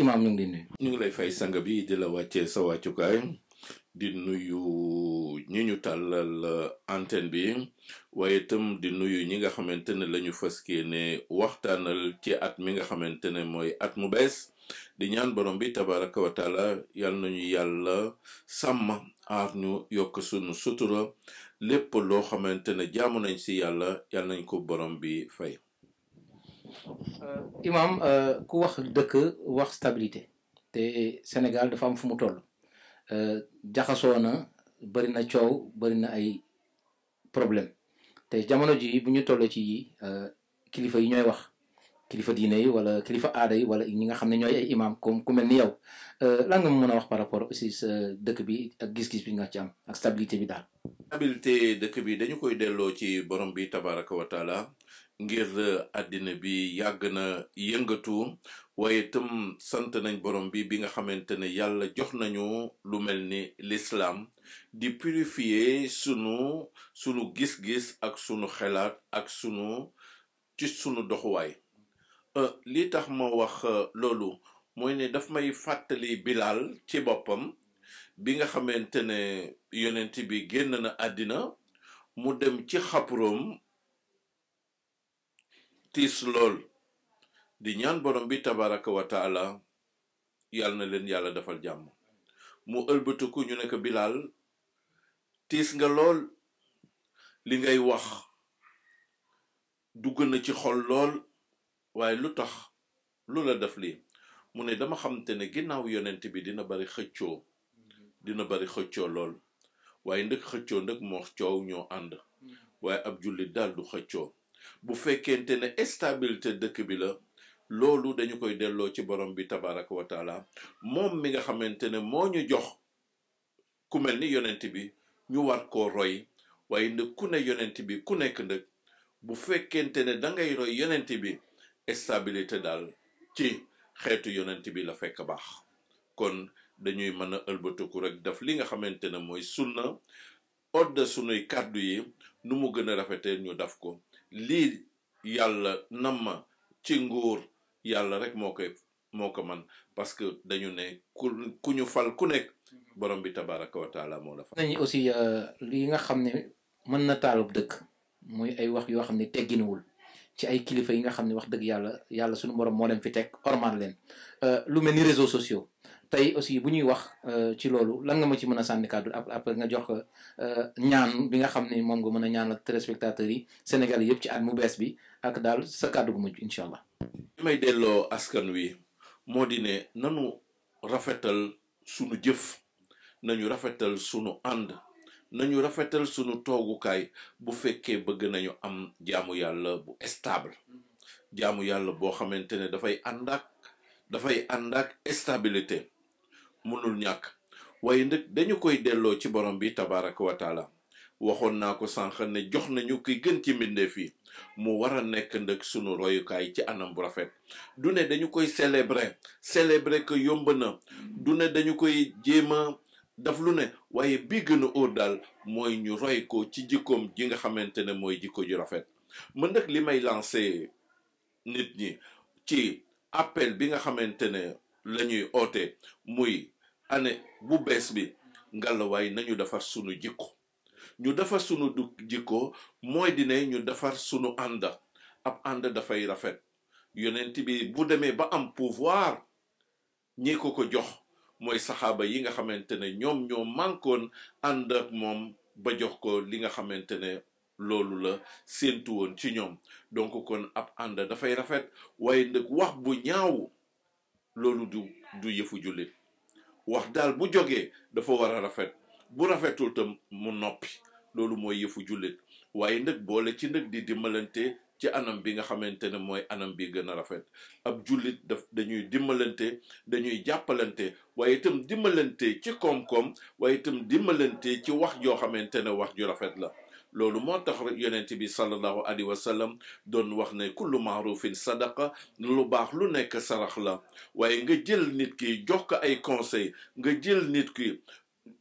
imaam ñu ñu ngi lay fay sang bi di la wàccee sa wàccukaay di nuyu ñi ñu tàllal uh, antenne bi waaye itam di nuyu ñi nga xamante ne lañu ñu fas ne waxtaanal ci at mi nga xamante ne mooy at mu bees di ñaan borom bi tabaraka wa taala yal nañu yàlla sàmm aar ñu yokk sunu sutura lépp loo xamante ne jàmm nañ si yàlla yal nañ ko borom bi fay. imaam euh, ku wax dëkk wax stabilité te Sénégal dafa am fu mu toll euh, jaxasoo na bëri na coow bëri na ay problème te jamono ji bu ñu toll ci euh, kilifa yi ñooy wax kilifa diine yi wala kilifa aada yi wala ñi nga xam ne ñooy ay imaam comme ku mel ni yow lan nga mën a wax par rapport aussi sa dëkk bi ak gis-gis bi nga ci am ak stabilité bi daal stabilité dëkk bi dañu koy delloo ci borom bi tabaraka wa ngir eh, àddina bi yàgg na yëngatu waaye itam sant nañ borom bi bi nga xamante ne yàlla jox nañu lu mel ni lislaam di purifier sunu sunu gis-gis ak sunu xelaat ak sunu ci sunu doxuwaay eh, li tax ma wax eh, loolu mooy ne daf may fàttali Bilaal ci boppam bi nga xamante ne yonent bi génn na àddina mu dem ci xaprom tiislol di ñaan borom bi tabaraka wa taala yal na leen yàlla defal jàmm mu ëlbatuku ñu ne ko bilal tiis nga lool li ngay wax dugg na ci xol lool waaye lu tax lu la def lii mu ne dama xamante ne ginnaaw yonent bi dina bari xëccoo dina bari xëccoo lool waaye ndëk xëccoo ndëk moo coow ñoo ànd mm-hmm. waaye ab jullit daal du xëccoo bu fekkente ne stabilité dëkk bi la loolu dañu koy delloo ci borom bi tabarak wa moom mi nga xamante ne moo ñu jox ku mel ni yonent bi ñu war ko roy waaye nag ku ne yonent bi ku nekk nag bu fekkente ne da ngay roy yonent bi stabilité daal ci xeetu yonent bi la fekk baax kon dañuy mën a ëlbatiku rek def li nga xamante ne mooy sunna odda sunuy kàddu yi nu mu gën a rafetee ñu daf ko lii yàlla namma ci nguur yàlla rek moo koy moo ko man parce que dañu ne ku ku ñu fal ku nekk borom bi tabaraka wa moo la fal nañu aussi euh, li nga xam ne mën na taalub dëkk muy ay wax yoo xam ne tegginuwul ci ay kilifa yi nga xam ne wax dëgg yàlla yàlla suñu borom moo leen fi teg ormal leen euh, lu mel ni réseaux sociaux tey aussi bu ñuy wax euh, ci loolu lan nga ma ci mën a sànni kàddu après nga jox ko euh, ñaan bi nga xam ne moom nga mën a ñaanal téléspectateurs yi Sénégal yëpp ci at mu bees bi ak daal sa kàddu gu mujj incha allah. may delloo askan wi moo di ne nanu rafetal sunu jëf nañu rafetal sunu ànd nañu rafetal sunu toogukaay bu fekkee bëgg nañu am jaamu yàlla bu stable jaamu yàlla boo xamante ne dafay ànd ak dafay ànd ak stabilité. mënul ñàkk waaye nag dañu koy delloo ci borom bi tabaraka wa taala waxoon naa ko sànq ne jox nañu ki gën ci mbindeef yi mu war nekk nag sunu royukaay ci anam bu rafet du ne dañu koy célébrer célébrer que yomb na du ne dañu koy jéem a daf lu ne waaye bi gën a óor daal mooy ñu roy ci jikkoom ji nga xamante ne mooy jikko ju rafet mën nag li may lancé nit ñi ci appel bi nga xamante ne la ñuy oote muy année bu bees bi ngalawaay nañu defar sunu ñu defar sunu du jikko mooy dine ñu defar sunu ànd ab ànd dafay rafet yonent bi bu demee ba am pouvoir ñi ko ko jox mooy saxaaba yi nga xamante ne ñoom ñoo mànkoon ànd moom ba jox ko li nga xamante ne loolu la séentu woon ci ñoom donc kon ab ànd dafay rafet waaye nag wax bu ñaaw loolu du du yëfu jullit wax daal bu jógee dafa war a rafet bu rafetul tam mu noppi loolu mooy yëfu jullit waaye nag boole ci nëg di dimbalante ci anam bi nga xamante ne mooy anam bi gën a rafet ab jullit daf dañuy dimbalante dañuy jàppalante waaye itam dimbalante ci koom-koom waaye itam dimbalante ci wax joo xamante ne wax ju rafet la loolu moo tax yonent bi sallallahu alayhi wa sallam doon wax ne kullu maarufin sadaqa lu baax lu nekk sarax la waaye nga jël nit ki jox ko ay conseil nga jël nit ki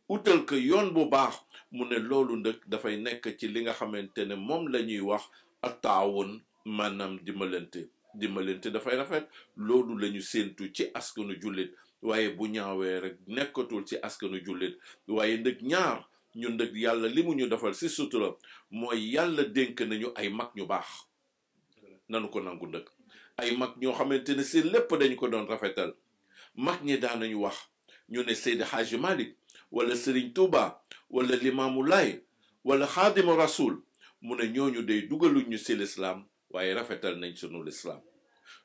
utal ko yoon bu baax mu ne loolu ndëkk dafay nekk ci li nga xamante ne moom la ñuy wax ak taawun maanaam dimbalante dimbalante dafay rafet loolu lañu ñu séentu ci askanu jullit waaye bu ñaawee rek nekkatul ci askanu jullit waaye ndëkk ñaar ñun nag yàlla li mu ñu defal si sutura mooy yàlla dénk nañu ay mag ñu baax nanu ko nangu nag ay mag ñoo xamante ne si lépp dañu ko doon rafetal mag ñi daan nañu wax ñu ne Seydi Hadji Malick wala Serigne Touba wala Limaamu lay wala Xaadimu Rasul mu ne ñooñu day dugaluñ ñu si lislaam waaye rafetal nañ sunu lislaam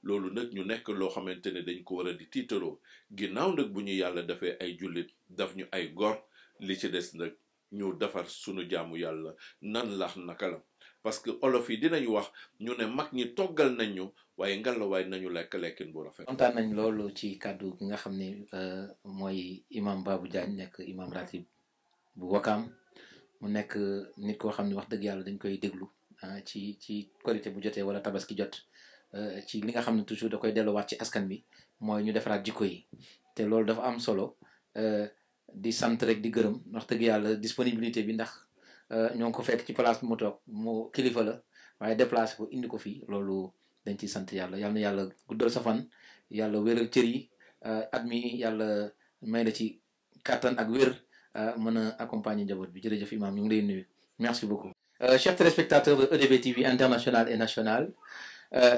loolu nag ñu nekk loo xamante ne dañ ko war a di tiitaroo ginnaaw nag bu ñu yàlla dafee ay jullit daf ñu ay gor li ci des nag ñu defar sunu jaamu yàlla nan laax naka la parce que olof yi dinañu wax ñu ne mag ñi toggal nañ ñu waaye ngallaawaay nañu lekk lekkin bu rafet. kontaan nañ loolu ci kàddu gi nga xam ne euh, mooy imam Babou Diagne nekk imam ratib bu Wakaam mu nekk nit koo xam ne wax dëgg yàlla dañ koy déglu euh, ci ci korité bu jotee wala tabaski jot euh, ci li nga xam ne toujours da koy delluwaat ci askan bi mooy ñu defaraat jikko yi te loolu dafa am solo. di sant rek di gërëm wax dëgg yàlla disponibilité bi ndax euh, ñoo ngi ko fekk ci place bi mu toog mu kilifa la waaye déplacé ko indi ko fii loolu dañ ci sant yàlla yal na yàlla guddal sa fan yàlla wéral cër yi euh, at mi yàlla may na ci kàttan ak wér euh, mën a accompagner njaboot bi jërëjëf imam ñu ngi lay nuyu merci beaucoup. chers téléspectateurs de EDB TV international et national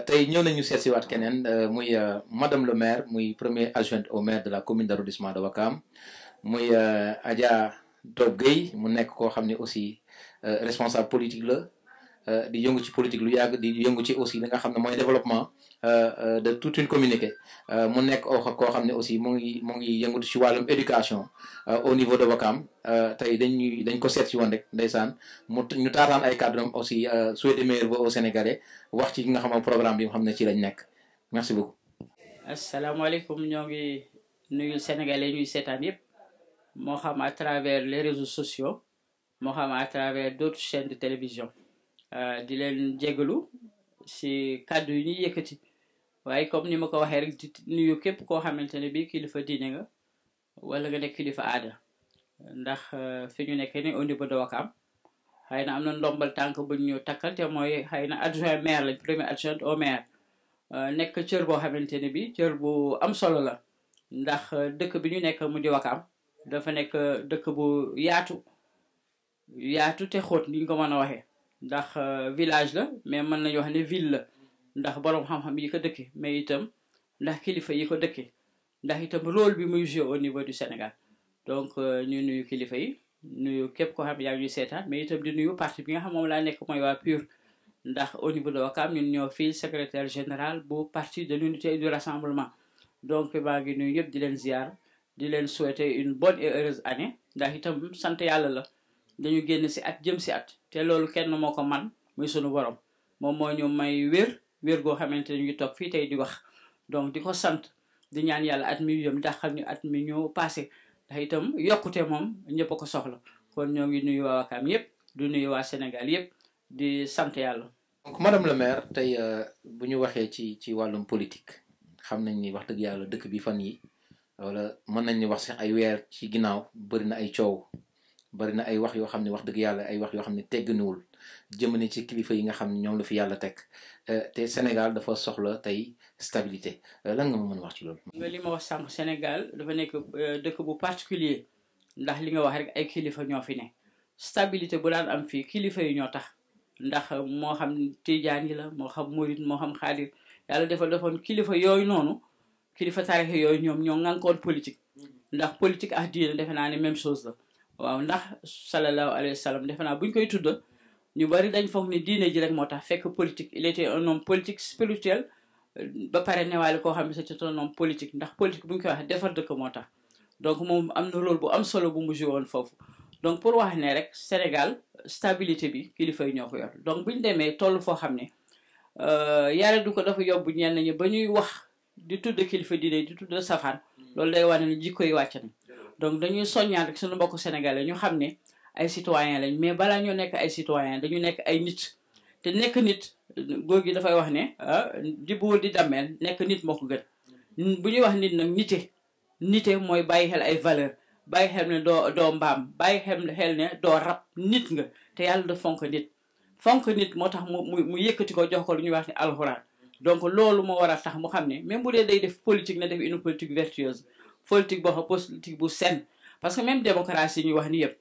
tey ñëw nañu seet si waat keneen muy madame le maire muy premier adjointe au maire de la commune d' arrondissement de Wakam. muy euh, Adja Dog Gueye mu nekk koo xam ne aussi euh, responsable politique la euh, di yëngu ci politique lu yàgg di yëngu ci aussi li nga xam ne mooy développement de tout une communauté mu nekk koo xam ne aussi mu ngi mu ngi yëngu ci wàllum éducation au niveau de Wakam tey dañuy dañ ko seet si woon rek ndeysaan mu ñu taataan ay cadres aussi souhaiter meilleur vœu aux Sénégalais wax ci nga xam ne programme bi nga xam ne ci lañ nekk merci beaucoup. asalaamaaleykum ñoo yëpp. moo xam à travers les réseaux sociaux moo xam à travers d'autres chaînes de télévision euh, di leen jégalu si kaddu yi ñuy yëkkati waaye comme ni ma ko waxee rek di nuyu képp koo xamante ne bii kilifa diine nga wala nga nekk kilifa aada ndax euh, fi ñu nekk ni au niveau de Wakaam xëy na am na ndombal tànk bu ñu takkal te mooy xëy na adjoint maire lañ premier adjoint au maire euh, nekk cër boo xamante ne bii cër bu am solo la ndax dëkk bi ñu nekk mu di Wakaam dafa nekk euh, dëkk bu yaatu yaatu te xóot niñ ko mën a waxee ndax euh, village la mais mën nañu wax ne ville la ndax borom xam-xam yi ko dëkke mais itam ndax kilifa yi ko dëkke ndax itam rôle bi muy joué au niveau du Sénégal donc euh, ñu nuyu kilifa yi nuyu képp koo xam yaa ngi seetaan mais itam di nuyu parti bi nga xam moom laa nekk mooy waa PUR ndax au niveau de Wakam ñun ñoo fi secrétaire général bu parti de l'unité et du rassemblement donc maa ngi nuyu ñëpp di leen ziar di leen souhaiter une bonne et heureuse année ndax itam sant yàlla la dañu génn si at jëm si at te loolu kenn moo ko man muy sunu borom moom moo ñu may wér wér goo xamante ne ñu ngi toog fii tey di wax donc di ko sant di ñaan yàlla at mi yëm daxal ñu at mi ñu passé ndax itam yokkute moom ñëpp ko soxla kon ñoo ngi nuyu waa Wakaam yëpp du nuyu waa Sénégal yëpp di sant yàlla donc madame le maire tey euh, bu ñu waxee ci ci wàllum politique xam nañ ni wax dëgg yàlla dëkk bi fan yi wala mën nañ wax sax ay weer ci ginnaaw bëri na ay coow bëri na ay wax yoo xam ne wax dëgg yàlla ay wax yoo xam ne tegginuwul jëmane ci kilifa yi nga xam ne ñoom la fi yàlla teg eh, te Sénégal dafa soxla tey stabilité eh, lan nga wax ci loolu. nga li wax sànq Sénégal dafa nekk eh, dëkk bu particulier ndax li nga wax rek ay kilifa ñoo fi ne stabilité bu daan am fii kilifa yi ñoo tax ndax moo xam tijaan yi la moo xam murit moo xam xaadir yàlla dafa defoon kilifa yooyu noonu. kilifa tarixe yooyu ñoom ñoo ŋànkoon politique ndax politique ak diine defe naa ne même chose la waaw ndax sallallahu alayhi wa sallam defe naa bu ñu koy tudd ñu bari dañ foog ni diine ji rek moo tax fekk politique il était un homme politique spirituel ba pare newaale koo xam ne c'était un noom politique ndax politique bu ñu koy wax defar dëkk moo tax donc moom am na rôle bu am solo bu mu joué woon foofu donc pour wax ne rek Sénégal stabilité bi kilifa yi ñoo ko yor donc euh, bu di tudd kilifa diine di tudd safaan loolu day wane ne jikko yi wàcc na donc dañuy soññaat rek suñu mbokku sénégalais ñu xam ne ay citoyen lañ mais balaa ñoo nekk ay citoyen dañu nekk ay nit te nekk nit góor gi dafay wax ne ah, di buur di dammeel nekk nit moo ko gën bu ñuy wax nit nag nite nite mooy bàyyi xel ay valeur bàyyi xel ne doo doo mbaam bàyyi xel ne doo rab nit nga te yàlla da fonk nit fonk nit moo tax mu mu yëkkati ko jox ko lu ñuy wax ne alxuraan donc loolu moo war a tax mu xam ne même bu dee day def politique na def une politique vertueuse politique boo xam politique bu saine parce que même démocratie ñuy wax ni yëpp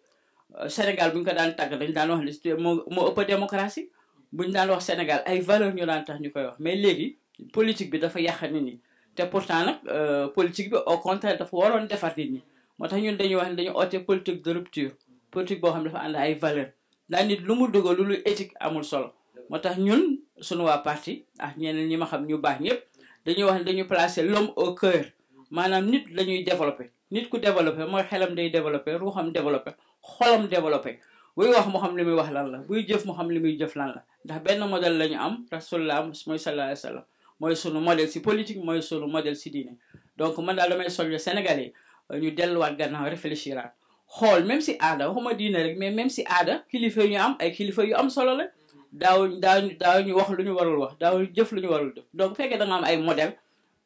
euh, Sénégal bu ñu ko daan tàgg dañu daan wax ne moo moo ëpp démocratie bu ñu daan wax Sénégal ay valeur ñu daan ñu koy wax mais léegi politique bi dafa yàq nit nii te pourtant nag euh, politique bi au contraire dafa waroon defar nit ñi moo tax ñun dañuy wax ne dañu oote politique de rupture politique boo xam ne dafa ànd ay valeur daa nit lu mu dugal lu lu éthique amul solo moo tax ñun sunu waa parti ak ñeneen ñi ma xam ñu baax ñëpp dañuy wax ne dañu placer l'homme au cœur maanaam nit la ñuy développé nit ku développé mooy xelam day développé ruuxam développé xolam développé buy wax mu xam li muy wax lan la buy jëf mu xam li muy jëf lan la ndax benn modèle la ñu am rasulullah mooy sallallahu alayhi wa mooy sunu modèle si politique mooy sunu modèle si diine donc man daal sol soññu Sénégalais ñu delluwaat gannaaw réfléchiraat xool même si aada waxuma diine rek mais même si aada kilifa yu am ay kilifa yu am solo la daawuñ daawuñ daawuñu wax lu ñu warul wax daawuñ jëf lu ñu warul def donc bu fekkee da nga am ay modèle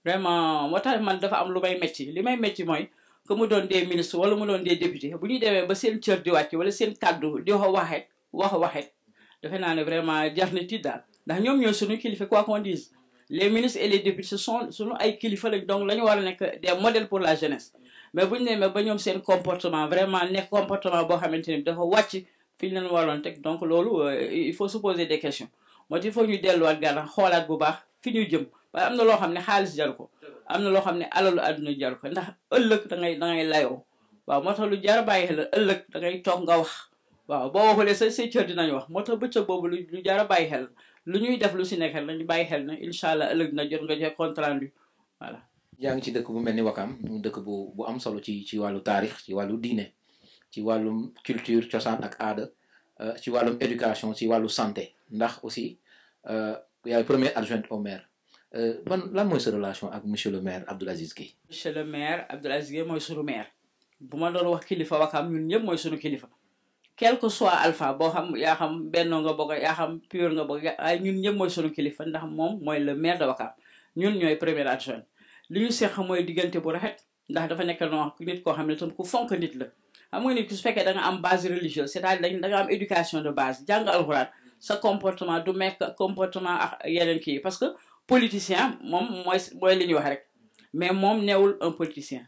vraiment moo tax man dafa am lu may métti li may métti mooy que mu doon des ministres wala mu doon des députés bu ñu demee ba seen cër di wàcc wala seen kàddu di wax waxet wax waxet defe naa ne vraiment jar na tiit daal ndax ñoom ñoo suñu kilifa quoi qu'on dise les ministres et les députés ce sont suñu ay kilifa lañ donc la ñu war a nekk des modèles pour la jeunesse mais bu ñu demee ba ñoom seen comportement vraiment nekk comportement boo xamante ni dafa wàcc fi ñu teg donc loolu euh, il faut se poser des questions moo tax il faut ñu delluwaat gànnaaw xoolaat bu baax fi ñu jëm waaye am na loo xam ne xaalis jaru ko am na loo xam ne alalu àdduna jaru ko ndax ëllëg da ngay da ngay layoo waaw moo tax lu jar a bàyyi xel ëllëg da ngay toog nga wax waaw boo waxulee sa say cër dinañ wax moo tax bëccëg boobu lu jar a bàyyi xel lu ñuy def lu si nekk la ñu bàyyi xel na incha allah ëllëg na jot nga joxe compte rendu voilà. yaa ngi ci dëkk bu mel ni Wakam dëkk bu bu am solo ci ci wàllu taarix ci wàllu diine ci walum culture cosaan ak aada euh, ci walum education ci walu santé ndax aussi le euh, premier adjoint au maire ban euh, lan moy sa relation ak monsieur le maire Abdoul Aziz Guèye monsieur le maire Abdoul Aziz Guèye mooy sunu maire buma ma doon wax kilifa wakam ñun ñëpp moy sunu kilifa quel que soit alpha bo xam ya xam Benno nga bokk ya xam pure nga bokk ay ñun ñëpp moy sunu kilifa ndax mom moy le maire de Wakaam ñun ñoy premier adjoint li ñu seq mooy diggante bu rafet ndax dafa nekk no nit ko xam ne tam ku fonk nit la xam nga nit ki su fekkee da am base religieuse c'est-à-dire da am éducation de base jàng alxuraan sa comportement du mekk comportement ak kii parce que politicien moom mooy mooy li ñuy wax rek mais moom neewul un politicien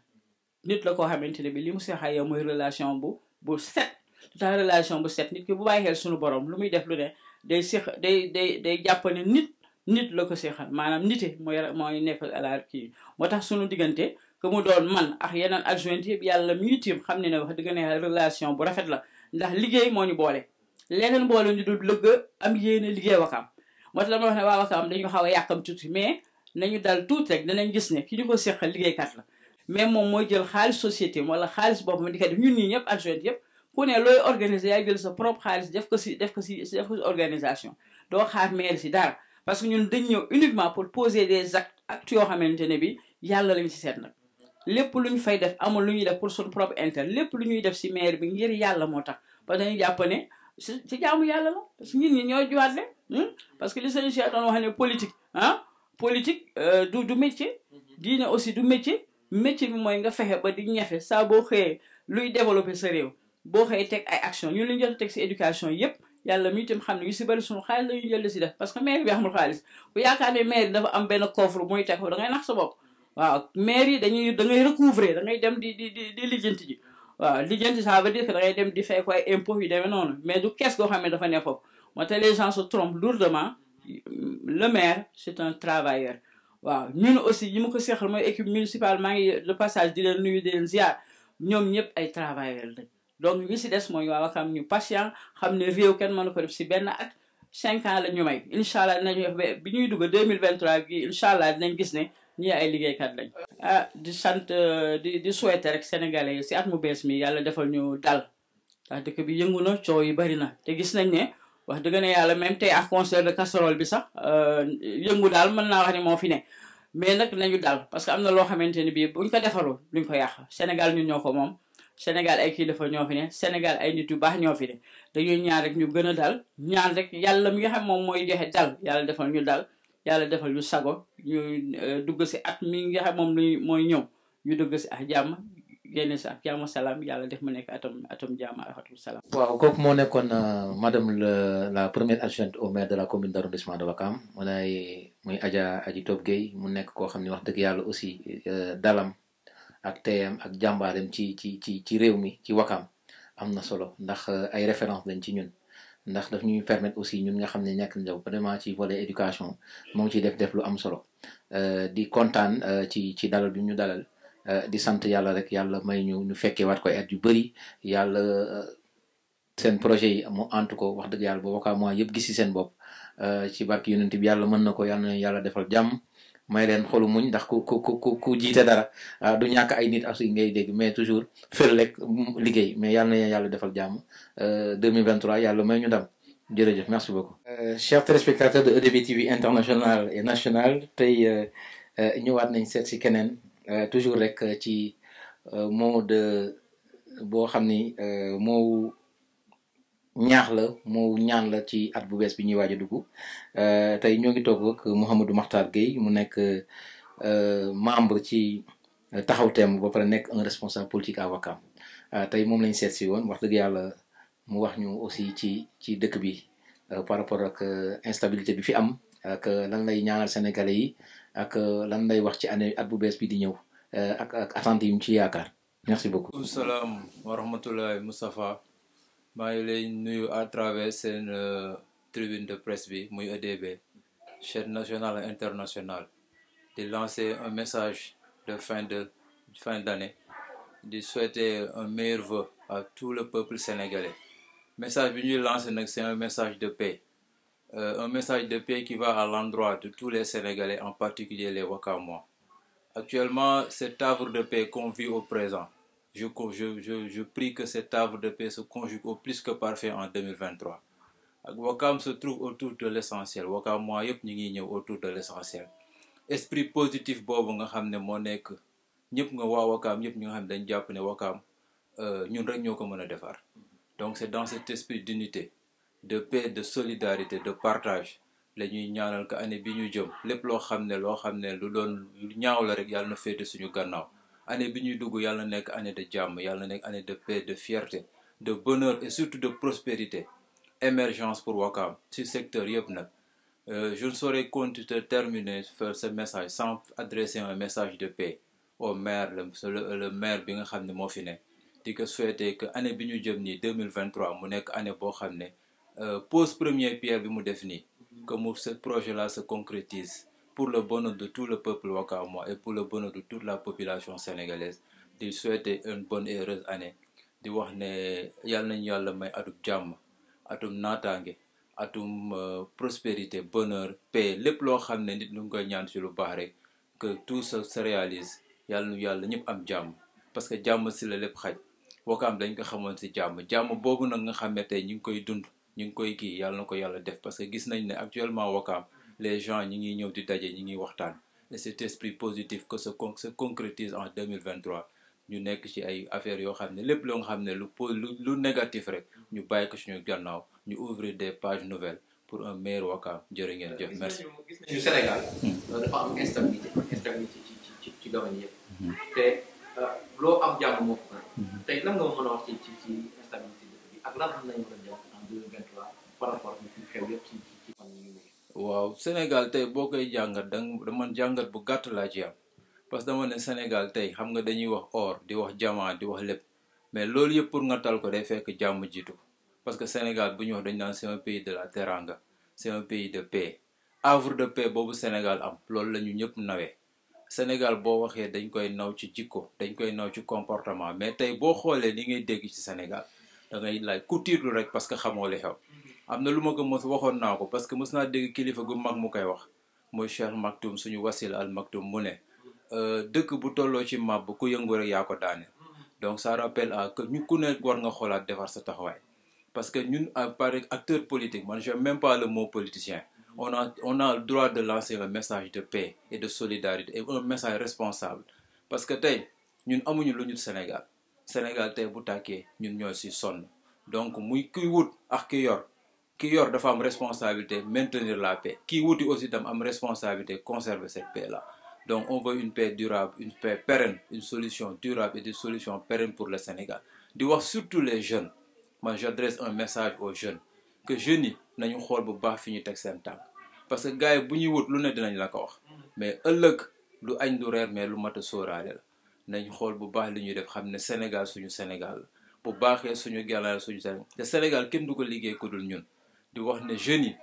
nit la koo xamante ne bi li mu seex ak mooy relation bu bu set ta relation bu set nit ki bu bàyyi xel suñu borom lu muy def lu ne day seex day day day jàpp ne nit nit la ko seexal maanaam nite mooy mooy nekk à la kii moo tax suñu diggante que mu doon man ak yeneen adjoint yëpp yalla mi ñu tiim xam wax dëgg ne relation bu rafet la ndax liggéey moñu bolé boole bolé ñu du leug am yéene liggéey waxam moo tax dama wax ne waa wakaam dañu xawa yakam yàkkam mais nañu dal tout rek dañu gis ne ki ñu ko seqal kat la mais mom moy jël xaalis société wala xaalis bop di dikati def ñun ñii ñëpp adjoint yëpp ku ne loy organiser ay jël sa propre xaalis def ko si def ko si def ko si organisation do xaar maire ci dara parce que ñun dañ ñëw uniquement pour poser des actes actes yoo xamante ne bi yalla lañ ci sét nag lépp lu ñu fay def amul lu ñuy def pour suñu propre intérêt lépp lu ñuy def si maire bi ngir yàlla moo tax parce que dañuy jàpp ne si si jaamu yàlla la parce que nit ñi ñoo jiwaat de hmm? parce que li sëñ Cheikh doon wax ne politique ah politique euh, du du métier diine aussi du métier métier bi mooy nga fexe ba di ñefe saa boo xëyee luy développer sa réew boo xëyee teg ay action ñu li ñu jot a teg si éducation yépp yàlla mi itam xam ne yu si bëri suñu xaalis la ñuy jël si def parce que maire bi amul xaalis bu yaakaar ne maire dafa am benn coffre muy teg da ngay nax sa bopp waaw maire yi dañuy da ngay recouvrer da ngay dem di di di di lijjanti ji waaw lijjanti ça veut dire que da ngay dem di fay ko ay impôts yu demee noonu mais du kees goo xam ne dafa ne foofu moo tax les gens se trompent lourdement le maire c'est un travailleur waaw ñun aussi ñi ma ko seexal mooy équipe municipale maa ngi le passage di leen nuyu di leen ziar ñoom ñëpp ay travailleurs lañ donc ñi si des mooy waa xam ñu patient xam ne réew kenn mënu ko def si benn at cinq ans la ñu may incha allah dinañu def bi ñuy dugg 2023 mille bi incha allah dinañ gis ne ñii ay liggéeykat lañ. ah di sant di di rek sénégalais yi si at mu bees mi yàlla defal ñu dal ndax dëkk bi yëngu na coow yi bari na te gis nañ ne wax dëgg ne yàlla même tey ak concert de casserole bi sax euh, yëngu daal mën naa wax ne moo fi ne. mais nag nañu dal parce que am na loo xamante ni bii buñ ko defarul duñ ko yàq Sénégal ñu ñoo ko moom Sénégal ay kilifa ñoo fi ne Sénégal ay nit yu baax ñoo fi ne dañuy ñaan rek ñu gën a dal ñaan rek yàlla mu nga moom mooy joxe dal yàlla defal ñu dal. yàlla defal ñu sago ñu euh, dugg si at mi nga xam moom lañ mooy ñoom ñu dugg si ak jàmm génn si ak jàmm salaam yàlla def mu nekk atam atam jàmm ak atum salaam. waaw kooku moo nekkoon euh, madame la première adjointe au maire de la commune d' arrondissement de Wakam mu nay muy Adja Adji Top Gueye mu nekk koo xam ne wax dëgg yàlla aussi euh, dalam ak teeyam ak jàmbaaram ci ci ci ci réew mi ci Wakam am na solo ndax ay référence lañ ci ñun. ndax daf ñuy permettre aussi ñun nga xam ne ñàkk nañ vraiment ci volet éducation moo ngi ciy def def lu am solo euh, di kontaan euh, ci ci dalal bi ñu dalal euh, di sant yàlla rek yàlla may ñu ñu fekkee waat ko at yu bëri yàlla seen projet yi mu antu ko wax dëgg yàlla booba mois yëpp gis si seen bopp ci barke yonent bi yàlla mën na ko yàlla yàlla defal jàmm may leen xolu muñ ndax ku ku ku ku jiite dara ah, du ñàkk ay nit aussi ngay dégg mais toujours fër rek liggéey mais yàlla na yàlla defal jàmm 2023 euh, yàlla may ñu ndam jërëjëf merci beaucoup. Euh, chers téléspectateurs de EDB TV international et national tey euh, ñëwaat nañ seet si keneen toujours rek ci mot de boo xam ni moo. ñaax la mu ñaan la ci at bu bees bi ñuy waaj a dugg euh, tey ñoo ngi toog ak Mouhamadou Makhtar Gueye mu nekk euh, membre ci euh, taxaw temm ba pare nekk un responsable politique à Wakam tey moom lañ seet si woon wax dëgg yàlla mu wax ñu aussi ci ci dëkk bi par rapport ak instabilité bi fi am ak lay ñaanal sénégalais yi ak lan lay wax ci année at bu bees bi di ñëw ak ak attente ci yaakaar merci beaucoup. maa ngi lay nuyu à travers une euh, tribune de presse bi muy EDB chaîne nationale et internationale de lancer un message de fin de fin d'année de souhaiter un meilleur vœu à tout le peuple sénégalais message bi ñuy lancer nag c'est un message de paix euh, un message de paix qui va à l'endroit de tous les Sénégalais en particulier les Wakamois actuellement cet havre de paix qu'on vit au présent je, je, je, prie que cette arbre de paix se conjugue au plus que parfait en 2023. Wakam se trouve autour de l'essentiel. Wakam moi yep ñi ngi autour de l'essentiel. Esprit positif boobu nga xam ne moo nekk ñëpp nga waa Wakam ñëpp ñi xam dañ jàpp ne Wakam euh, ñun rek ñoo ko mën a Donc c'est dans cet esprit d'unité, de paix, de solidarité, de partage la ñuy ñaanal que année bi ñu jëm lépp loo xam ne loo xam ne lu doon ñaaw rek yàlla na féete suñu gannaaw année bi ñuy dugg année de année de paix de fierté de bonheur et surtout de prospérité émergence pour Wakam ce secteur yëpp euh, je ne saurais compte te terminer faire ce message sans adresser un message de paix au maire le maire bi nga xam ne moo fi que année bi ñu 2023 mu nekk année boo xam euh, pose première pierre bi mu def que ce projet là se concrétise pour le bonheur de tout le peuple wakamois et pour le bonheur de toute la population sénégalaise je souhaiter une bonne et heureuse année di wax né yalla ñu yalla may atum jamm atum naataange atum euh, prospérité bonheur paix lepp lo xamné nit lu ngi koy ñaan ci lu baax rek que tout ça se réalise yalla ñu yalla ñep am jamm parce que jamm si la lépp xaj Wakam dañ ko xamone ci jamm jamm boobu nag nga xamé tay ñing koy dund ñing koy kii yalla nako yalla def parce que gis nañ né actuellement wakam? les gens ñi ngi ñëw di daje ñi ngi waxtaan et cet esprit positif que se se concrétise en 2023 ñu nekk ci ay affaire yo xamné lepp lo loo nga xam lu lu négatif rek ñu bàyyi ko suñu gannaaw ñu ouvrir des pages nouvelles pour un meilleur Ouakam jërë ngeen jëf euh, merci gis nañu Sénégal hmm. euh, dafa am instabilité instabilité ci ci ci domaine yëpp hmm. té euh, lo am jàmm moo ko hmm. tey lan nga mën a wax ci ci ci instabilité bi ak lan xam nañu mën a jàpp en 2023 par rapport ak ñu xew yëpp ci waaw Sénégal tey boo koy jàngat da man jàngat bu gàtt laa ci am parce que dama Sénégal tey xam nga dañuy wax or di wax jamaa di wax lépp mais loolu yëpp pour nga tal ko day fekk jàmm jiitu parce que Sénégal bu ñu dañ naan c'est un de la teranga c'est un de paix havre de paix boobu Sénégal am loolu la ñu ñëpp nawee Sénégal boo waxee dañ koy naw ci jikko dañ koy naw ci comportement mais tey boo xoolee li ngay dégg ci Sénégal da ngay laaj ku rek parce que xamoo li xew am na lu ma ko mos waxoon naa ko parce que mos naa dégg kilifa gu mag mu koy wax mooy Cheikh Maktoum suñu wasil al Maktoum mu ne euh, dëkk bu tolloo ci màbb ku yëngu rek yaa ko daane donc ça rappelle à que ñu ku ne war nga xoolaat defar sa taxawaay parce que ñun par acteur politique man j'aime même pas le mot politicien on a on a le droit de lancer un message de paix et de solidarité et un message responsable parce que tey ñun amuñu lu ñu Sénégal Sénégal tey bu tàkkee ñun ñoo si sonn donc muy kuy wut ak ki yor qui yor dafa am responsabilité maintenir la paix Qui wuti aussi tam am responsabilité conserver cette paix là donc on veut une paix durable une paix pérenne une solution durable et des solutions pérennes pour le Sénégal di wax surtout les jeunes moi j'adresse un message aux jeunes que jeunes n'ayons nañu xool bu baax de ñu teg parce que gars gens, bu ñuy wut lu ne dinañ la ko wax mais ëllëg lu añ du mais lu mat a la nañ xol bu baax li ñuy def xam Sénégal suñu Sénégal bu baaxé suñu galal suñu Sénégal Le Sénégal kenn du ko liggéey ko dul ñun di wax ne jeunes yi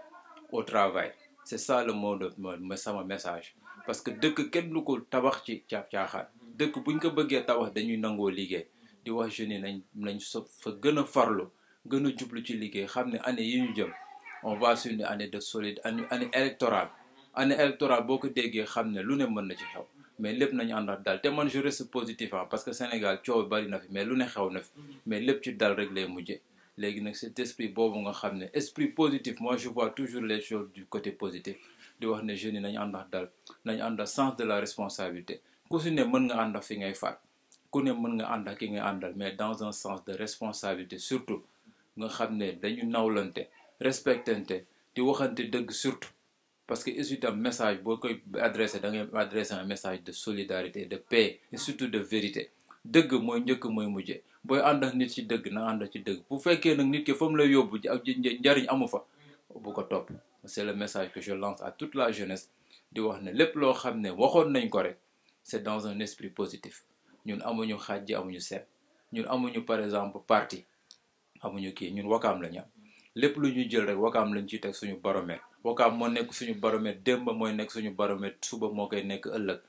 au travail c'est ça le mot de ma sama message parce que dëkk kenn lu ko tabax ci caab caaxaan dëkk buñ ko bëggee tabax dañuy nangoo liggéey di wax jeunes nañ nañ sob fa gën a farlu gën a jublu ci liggéey xam ne année yi ñu jëm on va sur une de solide année année électorale année électorale boo ko déggee xam ne lu ne mën na ci xew mais lépp nañu àndaat daal te man je reste positif ah parce que Sénégal coow bari na fi mais lu ne xew na fi mais lépp ci dal rek lay mujjee léegi nag cet esprit boobu nga xam esprit positif moi je vois toujours les choses du côté positif di wax ne jeunes yi nañu ànd ak dal nañu ànd ak sens de la responsabilité ku si ne mën nga ànd ak fi ngay faat ku ne mën nga ànd ak ki ngay àndal mais dans un sens de responsabilité surtout nga xam ne dañu nawlante respectante di waxante dëgg surtout parce que c'est un message boo koy adressé da ngay un message de solidarité de paix et surtout de vérité dëgg mooy njëkk mooy mujjee boy and nit ci deug na and ci deug bu fekke nak nit ki fam la lay ci ak njariñ amu fa bu ko top c'est le message que je lance à toute la jeunesse di wax ne lepp lo xamne ne waxoon nañ ko rek c'est dans un esprit positif ñun amuñu xàjji amuñu set ñun amuñu par exemple parti amuñu ki ñun wakam lañu am lépp lu jël rek wakam lañ ci tek suñu baromètre wakam mo nekk suñu baromètre démb moy nekk suñu baromètre suba mo koy nekk ëlëk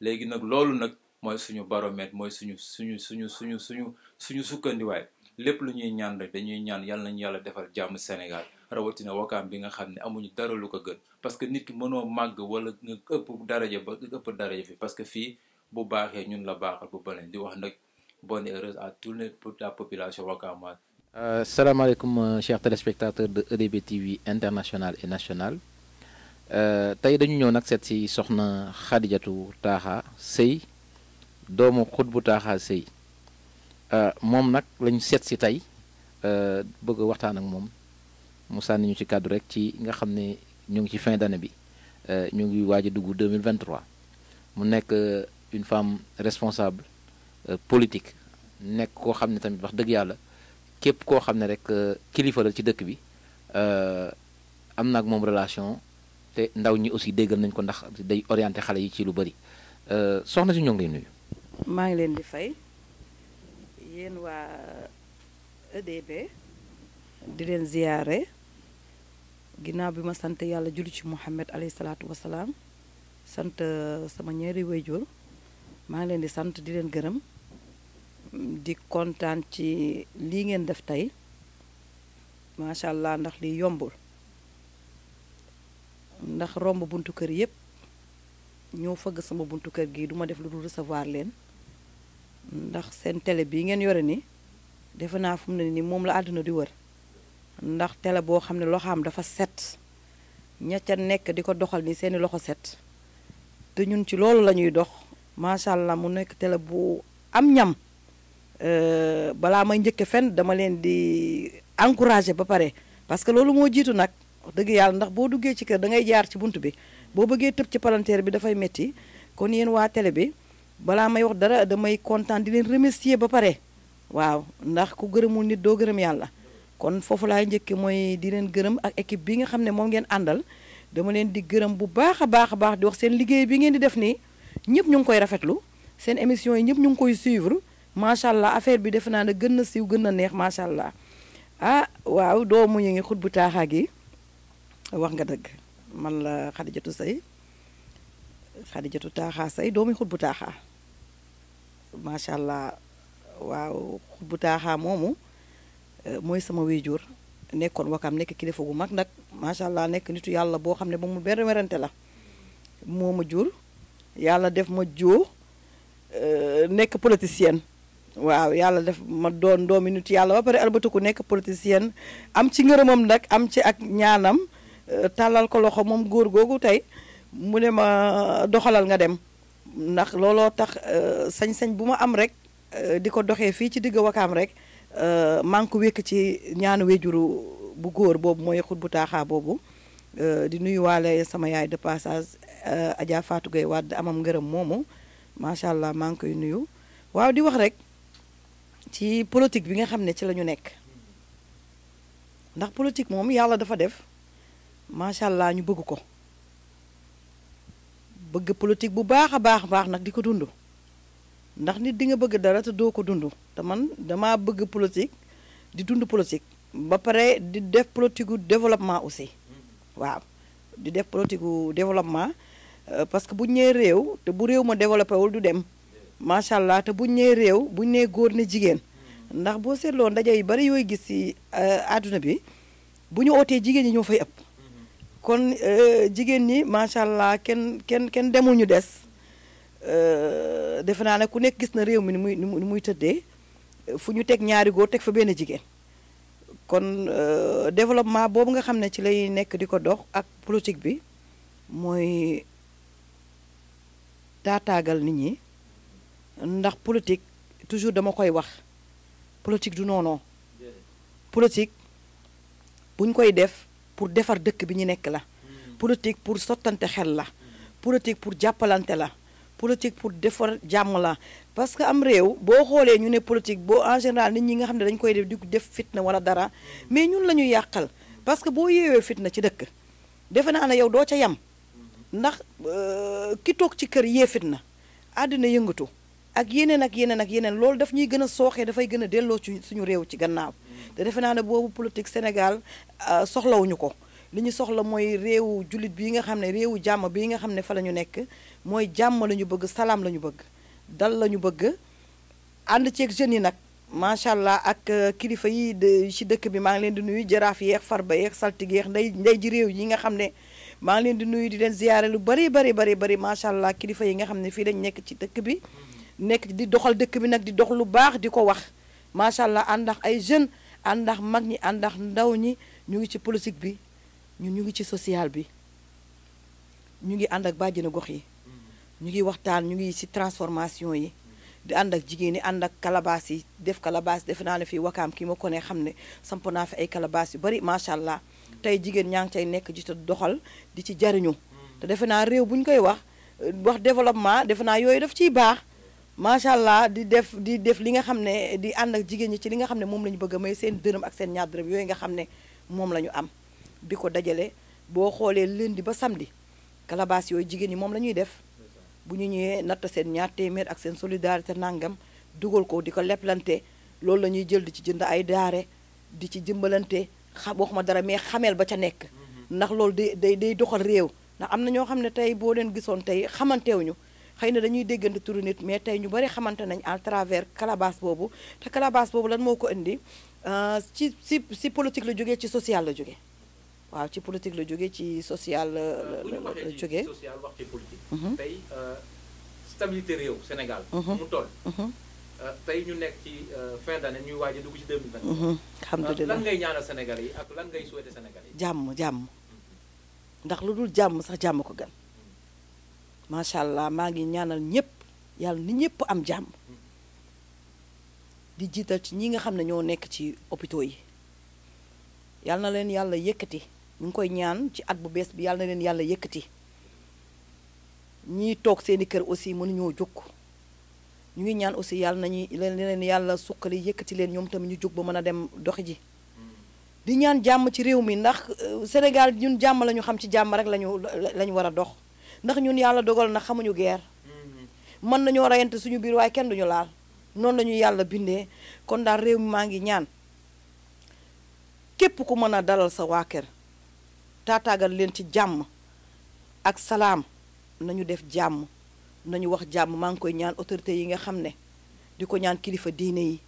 légui nak loolu nak mooy suñu baromètre mooy suñu suñu suñu suñu suñu suñu sukkandiwaay lépp lu ñuy ñaan rek dañuy ñaan yàlla ñu yàlla defar jàmm Sénégal rawatina wakaam bi nga xam ne amuñu dara lu ko gën parce que nit ki mënoo màgg wala nga ëpp daraja ba ëpp daraja fi parce que fii bu baaxee ñun la baaxal bu baneen di wax nag bonne heureuse à tout le pour la population wakaamoise euh, salaamaaleykum euh, chers téléspectateurs de EDB TV international et national euh, tey dañu ñëw nag seet si soxna Xadijatu Taaxa Sëy doomu xutbu taaxaa sëy euh, moom nag lañu seet si tey euh, bëgg waxtaan ak moom mu sànni ñu ci kàddu rek ci nga xam ne ñoo ngi ci fin d'année bi euh, ñu ngi waaj a dugg 2023 mu nekk une femme responsable politique nekk koo xam ne tamit wax dëgg yàlla képp koo xam ne rek kilifa la ci dëkk bi am na moom relation te ndaw ñi aussi déggal nañ ko ndax day orienté xale yi ci lu bëri soxna si ñoo ngi nuyu. maa ngi leen di fay yéen waa EDB di leen ziyaare ginnaaw bi ma sant yàlla julli ci Muhammad alayhi salaatu wasalaam sant euh, sama ñaari wayjur maa ngi leen di sant di leen gërëm di kontaan ci lii ngeen def tey macha allah ndax lii yombul ndax romb buntu kër yépp ñoo fëgg sama buntu kër gi duma def lu dul recevoir leen ndax seen télé bi ngeen yore ni def naa fu mu ni moom la àdduna di wër ndax télé boo xam ne loxaam dafa set ña ca nekk di ko doxal ni seeni loxo set te ñun ci loolu la ñuy dox macha allah mu nekk télé bu am ñam euh, balaa may njëkke fenn dama leen di encourager ba pare parce que loolu moo jiitu nag dëgg yàlla ndax boo duggee ci kër da ngay jaar ci bunt bi boo bëggee tëb ci palanteer bi dafay metti kon yéen waa télé bi balaa may wax dara damay kontaan di leen remercier ba pare waaw ndax ku gërëmul nit doo gërëm yàlla kon foofu laay njëkk mooy di leen gërëm ak équipe bi nga xam ne moom ngeen àndal dama leen di gërëm bu baax a baax a baax di wax seen liggéey bi ngeen di def nii ñëpp ñu ngi koy rafetlu seen émission yi ñëpp ñu ngi koy suivre macha allah affaire bi defe naa ne gën na siiw gën na neex macha allah ah waaw doomu bu taaxaa gi wax nga dëgg man la Xadijatu say Xadijatu Taaxaa Sey doomi xut bu taaxaa macha allah waaw xut bu taaxaa moomu eh, mooy sama wéjur nekkoon wakam nekk kilifa gu mag nag macha allah nekk nitu yàlla boo xam ne ba mu benn werante la moo ma jur yàlla def ma joo eh, nekk politicienne waaw yàlla def ma doon doomi nitu yàlla ba pare albatiku nekk politicienne am ci ngërëmam nag am ci ak ñaanam Euh, tàllal ko loxo moom góor googu tey mu ne ma doxalal nga dem ndax looloo tax euh, sañ-sañ bu ma am rek euh, di ko doxee fii ci digg wakaam rek maa ngi wékk ci ñaanu wejuru bu góor boobu mooy xut bu taaxaa boobu di nuyu waale sama yaay de passage Adja Fatou Gueye Wade amam ngërëm moomu macha allah maa yu nuyu waaw di wax rek ci politique bi nga xam ne ci la ñu nekk ndax politique moom yàlla dafa def macha allah ñu bëgg ko bëgg politique bu baax a baax baax nag di ko dund ndax nit di nga bëgg dara te doo ko dund te man damaa bëgg politique di dund politique ba pare di def politique gu développement aussi waaw di def politique développement euh, parce que bu ñu nee réew te bu réew ma développé wul du dem macha allah te bu ñu nee réew bu ñu nee góor ne jigéen ndax boo seetloo ndaje yu bari yooyu gis ci euh, àdduna bi bu ñu ootee jigéen ñi ñoo fay ëpp. kon euh, jigéen ñi macha allah kenn kenn kenn demul ñu des euh, defe naa ne ku nekk gis na réew mi ni muy tëddee fu ñu teg ñaari góor teg fa benn jigéen kon euh, développement boobu nga xam ne ci lay nekk di ko dox ak politique bi mooy taataagal nit ñi ndax politique toujours dama koy wax politique du noonoo politique buñ koy def. pour defar dëkk bi ñu nekk la politique pour sottante xel la politique pour jàppalante la politique pour defar jàmm la parce que am réew boo xoolee ñu ne politique boo en général nit ñi nga xam ne dañ koy def di def fitna wala dara mais ñun la ñu yàqal parce que boo yeewee fitna ci dëkk defe naa ne yow doo ca yam ndax euh, ki toog ci kër yee fitna àddina yëngatu ak yeneen ak yeneen ak yeneen loolu daf ñuy gën a sooxee dafay gën a delloo ci suñu réew ci gannaaw te defe naa ne boobu politique Sénégal euh, soxlawuñu ko li ñu soxla mooy réewu jullit bii nga xam ne réewu jàmm bii nga xam ne fa la ñu nekk mooy jàmm la ñu bëgg salaam la ñu bëgg dal la ñu bëgg ànd ceeg jeunes yi nag macha allah ak euh, kilifa yi ci dëkk bi maa ngi leen di nuyu jaraaf yeex ba yeex saltige yeex ndey ndey ji réew yi nga xam ne maa ngi leen di nuyu di leen ziyaare lu bari bari bari macha allah kilifa yi nga xam ne fii lañ nekk ci dëkk bi nekk di doxal dëkk bi nag di dox lu baax di ko wax macha allah àndax ay jeunes àndax mag ñi àndax ndaw ñi ñu ngi ci politique bi ñun ñu ngi ci social bi ñu ngi ànd ak bàjjenu gox yi ñu ngi waxtaan ñu ngi ci transformation yi di ànd ak jigéen ñi ànd ak calebasse yi def calebasse defe naa ne fii wakaam ki ma ko ne xam ne samp naa fi ay calebasse yu bari macha allah tey jigéen ñaa ngi cay nekk di ci doxal di ci jariñu te defe naa réew bu ñu koy wax wax développement defe naa yooyu daf ciy baax. macha allah di def di def li nga xam ne di ànd ak jigéen ñi ci li nga xam ne moom la ñu bëgg a seen dërëm ak seen ñaar nga xam ne moom la ñu am bi ko dajalee boo xoolee lundi ba samedi calebasse yooyu jigéen ñi moom la ñuy def bu ñu ñëwee natt seen ñaar téeméer ak seen solidarité nangam dugal ko di ko leplante loolu la ñuy jël di ci jënd ay daare di ci jëmbalante xa ma dara mais xameel ba ca nekk mm-hmm. ndax loolu day day day doxal réew ndax am na ñoo xam ne tey boo leen gisoon tey xamantewuñu xëy na dañuy déggante turu nit mais tey ñu bari xamante nañ à travers calebasse boobu te calebasse boobu lan moo ko indi euh, ci si si la jógee ci social la jóge waaw ci politique la jógee ci social la euh, euh, la jógee social wax ci politique mhm. mhm. mhm. tey ñu nekk ci fin d'année ñuy waaj a dugg ci 2020 alhamdulilah lan ngay ñaanal Sénégalais yi ak lan ngay souhaiter jàmm jàmm ndax lu dul jàmm sax jàmm ko gan macha allah maa ngi ñaanal ñëpp yàlla ni ñëpp am jàmm di jiital ci ñi nga xam ne ñoo nekk ci hôpitaux yi yàlla na leen yàlla yëkkati ñu koy ñaan ci at bu bees bi yàlla na leen yàlla yëkkati ñiy toog seeni kër aussi mënuñoo jóg ñu ngi ñaan aussi yàlla na nañu leen leen yàlla suqali yëkkati leen ñoom tamit ñu jóg ba mën a dem doxi ji di ñaan jàmm ci réew mi ndax euh, Sénégal ñun jàmm la ñu xam ci jàmm rek lañu lañu war a dox ndax ñun yalla dogal na xamuñu guerre man mm-hmm. nañu reyante suñu biir way kenn duñu laal non lañu yalla bindé kon da rew mi maangi ñaan képp ku mëna dalal sa waaker ta taataagal leen ci jamm ak salam nañu def jamm nañu wax jamm maa ngi koy ñaan autorité yi nga xamné diko di ko ñaan kilifa diiné yi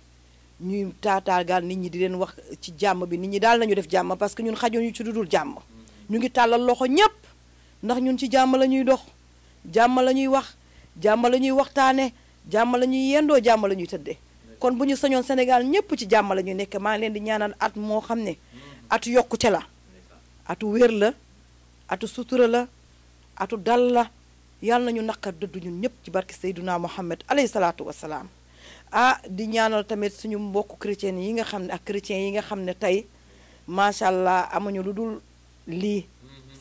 ñuy taataagal nit ñi di leen wax ci jamm bi nit ñi dal nañu def jamm parce que ñun xajuñu ci dudul jamm mm-hmm. ñu ngi talal loxo ñepp ndax ñun ci jàmm la ñuy dox jàmm la ñuy wax jàmm la ñuy waxtaane jàmm la ñuy yendoo jàmm la ñuy tëddee kon bu ñu sañoon Sénégal ñëpp ci jàmm la ñuy nekk maa ngi leen di ñaanal at moo xam ne atu yokkute la atu wér la atu sutura la atu dal la yàlla nañu naqar dëdd ñun ñëpp ci barke Seyduna Muhammad aley salaatu wasalaam ah di ñaanal tamit suñu mbokku chrétien yi nga xam ne ak chrétien yi nga xam ne tey macha allah amuñu lu dul lii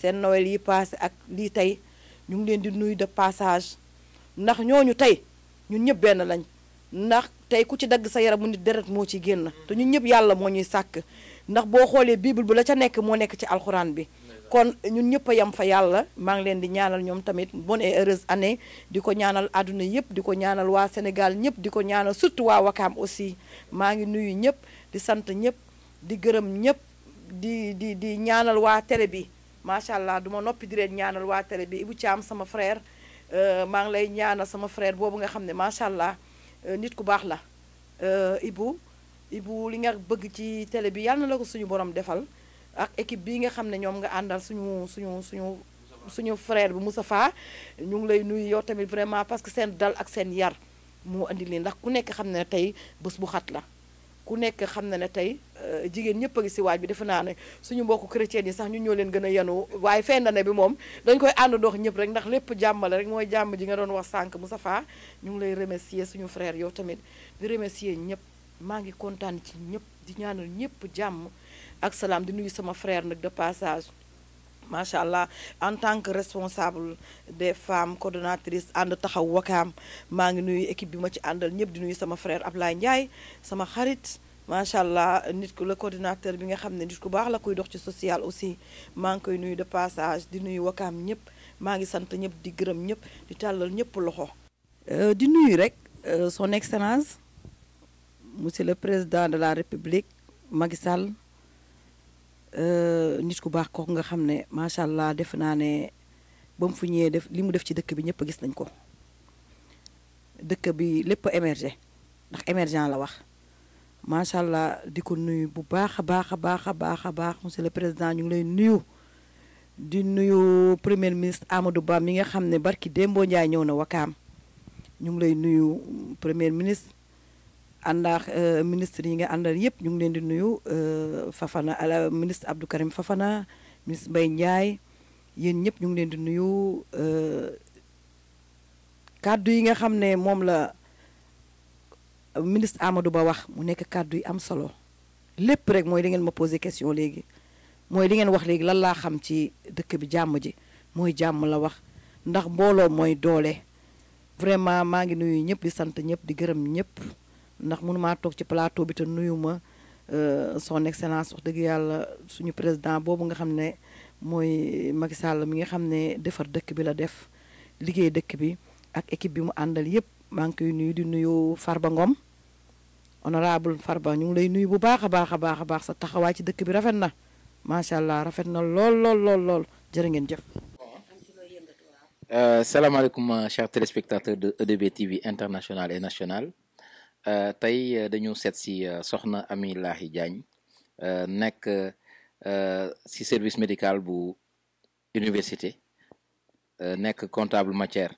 seen Noël yi paase ak lii tey ñu ngi leen di nuyu de passage ndax ñooñu tey ñun ñëpp benn lañ ndax tey ku ci dagg sa yaramu nit deret moo ci génn mm. te ñun ñëpp yàlla moo ñuy sàkk ndax boo xoolee bible bu la ca nekk moo nekk ci alxuraan bi kon ñun ñëpp a yem fa yàlla maa ngi leen di ñaanal ñoom tamit bonne et heureuse année di ko ñaanal àdduna yëpp di ko ñaanal waa Sénégal ñëpp di ko ñaanal surtout waa Wakaam aussi maa ngi nuyu ñëpp di sant ñëpp di gërëm ñëpp di di di ñaanal waa télé bi macha allah du ma noppi di leen ñaanal waa télé bi Ibou Thiam sama frère euh, maa ngi lay ñaanal sama frère boobu nga xam ne macha allah euh, nit ku baax la euh, Ibou Ibou li nga bëgg ci télé bi yàlla na la ko suñu borom defal ak équipe bii nga xam ne ñoom nga àndal suñu suñu suñu. suñu frère bi faa ñu ngi lay nuyu yow tamit vraiment parce que seen dal ak seen yar moo indi lii ndax ku nekk xam ne tey bés bu xat la. ku nekk xam na ne tey euh, jigéen ñëpp a ngi si waaj bi defe naa ne suñu mbokku chrétien yi sax ñu ñoo leen gën a yanu waaye fin d'année bi moom dañ koy ànd doox ñëpp rek ndax lépp jàmmale rek mooy jàmm ji nga doon wax sànq Moustapha ñu ngi lay remercier suñu frère yow tamit di remercier ñëpp maa ngi kontaan ci ñëpp di ñaanal ñëpp jàmm ak salaam di nuyu sama frère nag de passage macha allah en tant que responsable des femme coordonnatrice ànd taxaw wakaam maa ngi nuyu équipe bi ma ci àndal ñëpp di nuyu sama ab Ablaye Ndiaye sama xarit macha allah nit ku la coordinateur bi nga xam ne nit ku baax la koy dox ci sociale aussi maa ngi koy nuyu de passage di nuyu wakaam ñëpp maa ngi sant ñëpp di gërëm ñëpp di tàllal ñëpp loxo. Euh, di nuyu rek euh, son excellence monsieur le président de la république Macky Sall Euh, nit ku baax kooku nga xam ne macha allah def naa ne ba mu fu ñëwee def li mu def ci dëkk bi ñëpp gis nañ ko dëkk bi lépp émergé ndax émergent la wax macha allah di ko nuyu bu baax a baax a baax a baax a baax monsieur le président ñu ngi lay nuyu. di nuyu premier ministre Amadou Ba mi nga xam ne barki démboo Ndiaye ñëw na wakaam ñu ngi lay nuyu premier ministre. àndaax euh, ministre yi nga àndal yëpp ñu ngi leen di nuyu euh, Fafana ala ministre Abdou Karim Fafana ministre Mbaye Ndiaye yéen ñëpp ñu ngi leen di nuyu euh, kàddu yi nga xam ne moom la ministre Amadou Ba wax mu nekk kàddu yi am solo lépp rek mooy li ngeen ma posé question léegi mooy li ngeen wax léegi lan laa xam ci dëkk bi jàmm ji mooy jàmm la wax ndax mbooloo mooy doole vraiment maa ngi nuyu ñëpp di sant ñëpp di gërëm ñëpp. ndax mënumaa toog ci plateau bi te nuyu ma euh, son excellence wax dëgg yàlla suñu président boobu nga xam ne mooy Macky Sall mi nga xam ne defar dëkk bi la def liggéey dëkk bi ak équipe bi mu àndal yëpp maa ngi koy nuyu di nuyu far ba Ngom honorable ba ñu ngi lay nuyu bu baax a baax a baax a baax sa taxawaay ci dëkk bi rafet na macha allah rafet na lool lool lool lool ngeen jëf. Euh, salaamaaleykum chers téléspectateurs de EDB TV international et national. Eh, tey eh, dañu set si eh, soxna ami Lahi nek nekk si service médical bu université nek comptable matière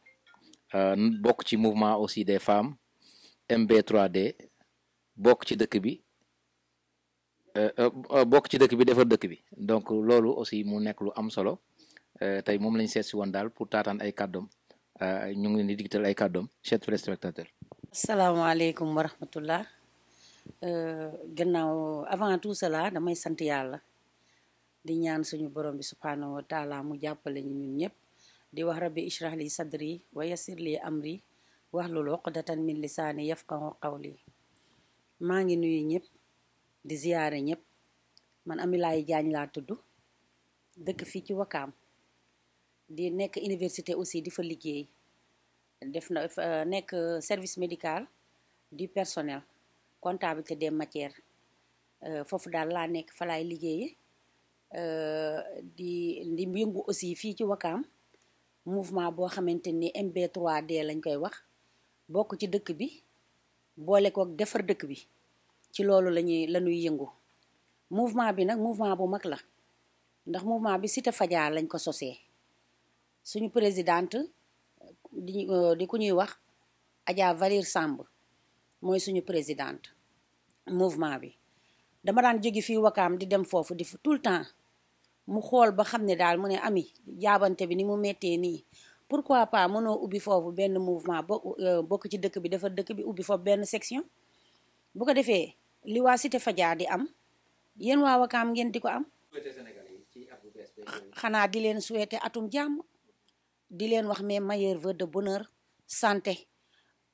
bok ci mouvement aussi des femmes MB3D bok ci dëkk bi bok ci dëkk bi defar dëkk bi donc lolu aussi mu nek lu am solo tey tay lañ seet si putaran daal pour tatane ay kàddoom ñu ngi ni digital ay cadeau chers téléspectateurs salaamaaleykum wa rahmatullah euh, gannaaw avant tout damay sant yàlla di ñaan suñu borom bi subhaanahu wa mu jàppale ñun ñëpp di wax rabbi ishrah li sadri wa yassir li amri wahlul uqdatan min lisaani yafqahu qawli maa ngi nuyu ñëpp di ziyaare ñëpp man Amilaye jaañ laa tudd dëkk fii ci Wakaam di nekk université aussi di fa liggéey def na euh, nekk euh, service médical di personnel comptabilité des matières euh, foofu daal laa nekk fa laay liggéeye di di yëngu aussi fii ci Wakaam mouvement boo xamante ni mb 3 lañ koy wax bokk ci dëkk bi boole kook defar dëkk bi ci loolu lañuy la ñuy yëngu mouvement bi nag mouvement bu mag la ndax mouvement bi site Fadia lañ ko sosee suñu présidente di euh, di ku ñuy wax Adja Valir sàmb mooy suñu présidente mouvement bi dama daan jóge fi wakaam di dem foofu di tout le temps mu xool ba xam ne daal mu ne ami jaabante bi ni mu méttee nii pourquoi pas mënoo ubbi foofu benn mouvement bo euh, bokk ci dëkk bi dafa dëkk bi ubbi foofu benn section bu ko defee liwaa waa Cité Fadia di am yéen waa wakaam ngeen di ko am xanaa di leen souhaité atum jàmm di leen wax mes meilleurs vœux de bonheur santé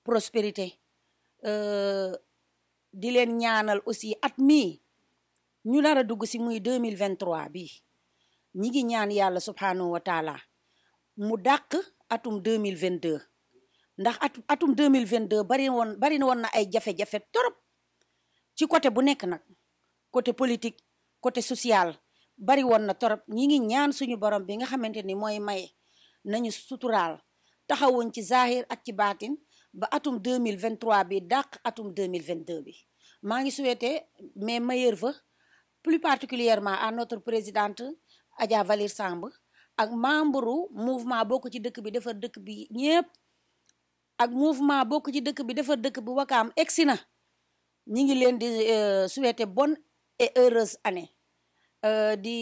prospérité euh, di leen ñaanal aussi at mii ñu dara dugg si muy deux mille 2023 bi ñi ngi ñaan yàlla subhanahu wa mu dàq atum mille vingt deux ndax at atum 2022 bari woon bari woon na ay jafe-jafe torop ci côté bu nekk nag côté politique côté social bari woon na torop ñi ngi ñaan suñu borom bi nga xamante ni mooy maye nañu suturaal taxawuñ ci zahir ak ci baatin ba atum 2023 bi dàq atum 2022 bi maa ngi souhaité mais meilleurs vœux plus particulièrement à notre présidente Adja Valir Samb ak membre mouvement bokk ci dëkk bi defar dëkk bi ñépp ak mouvement bokk ci dëkk bi defar dëkk bi wakaam egsi na ñi ngi leen di euh, souhaité bon et heureuse année euh, di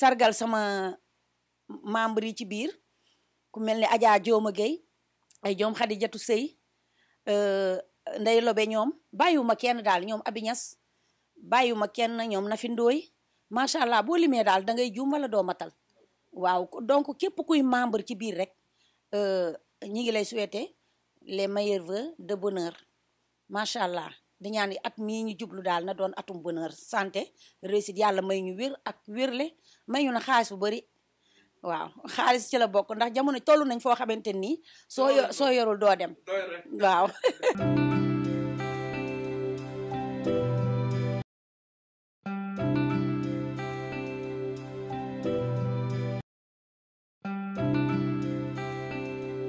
sargal sama membre yi ci biir ku mel ni Adja jooma Gueye ay joom Xadijatu Sëy euh, Ndey Lobe ñoom bàyyiwuma kenn daal ñoom Abi Ñas bàyyiwuma kenn ñoom Nafi Ndooy macha allah boo limee daal da ngay juum wala doo matal waaw donc képp kuy membre ci biir rek euh, ñi ngi lay souhaiter les meilleurs vœux de bonheur macha allah di ñaan at mii ñu jublu daal na doon atum bonheur santé réussite yàlla may ñu wér ak wérle may ñu na xaalis bu bari waaw xaalis ci la bokk ndax jamono toll nañ foo xamante nii soo yor soo yorul doo dem waaw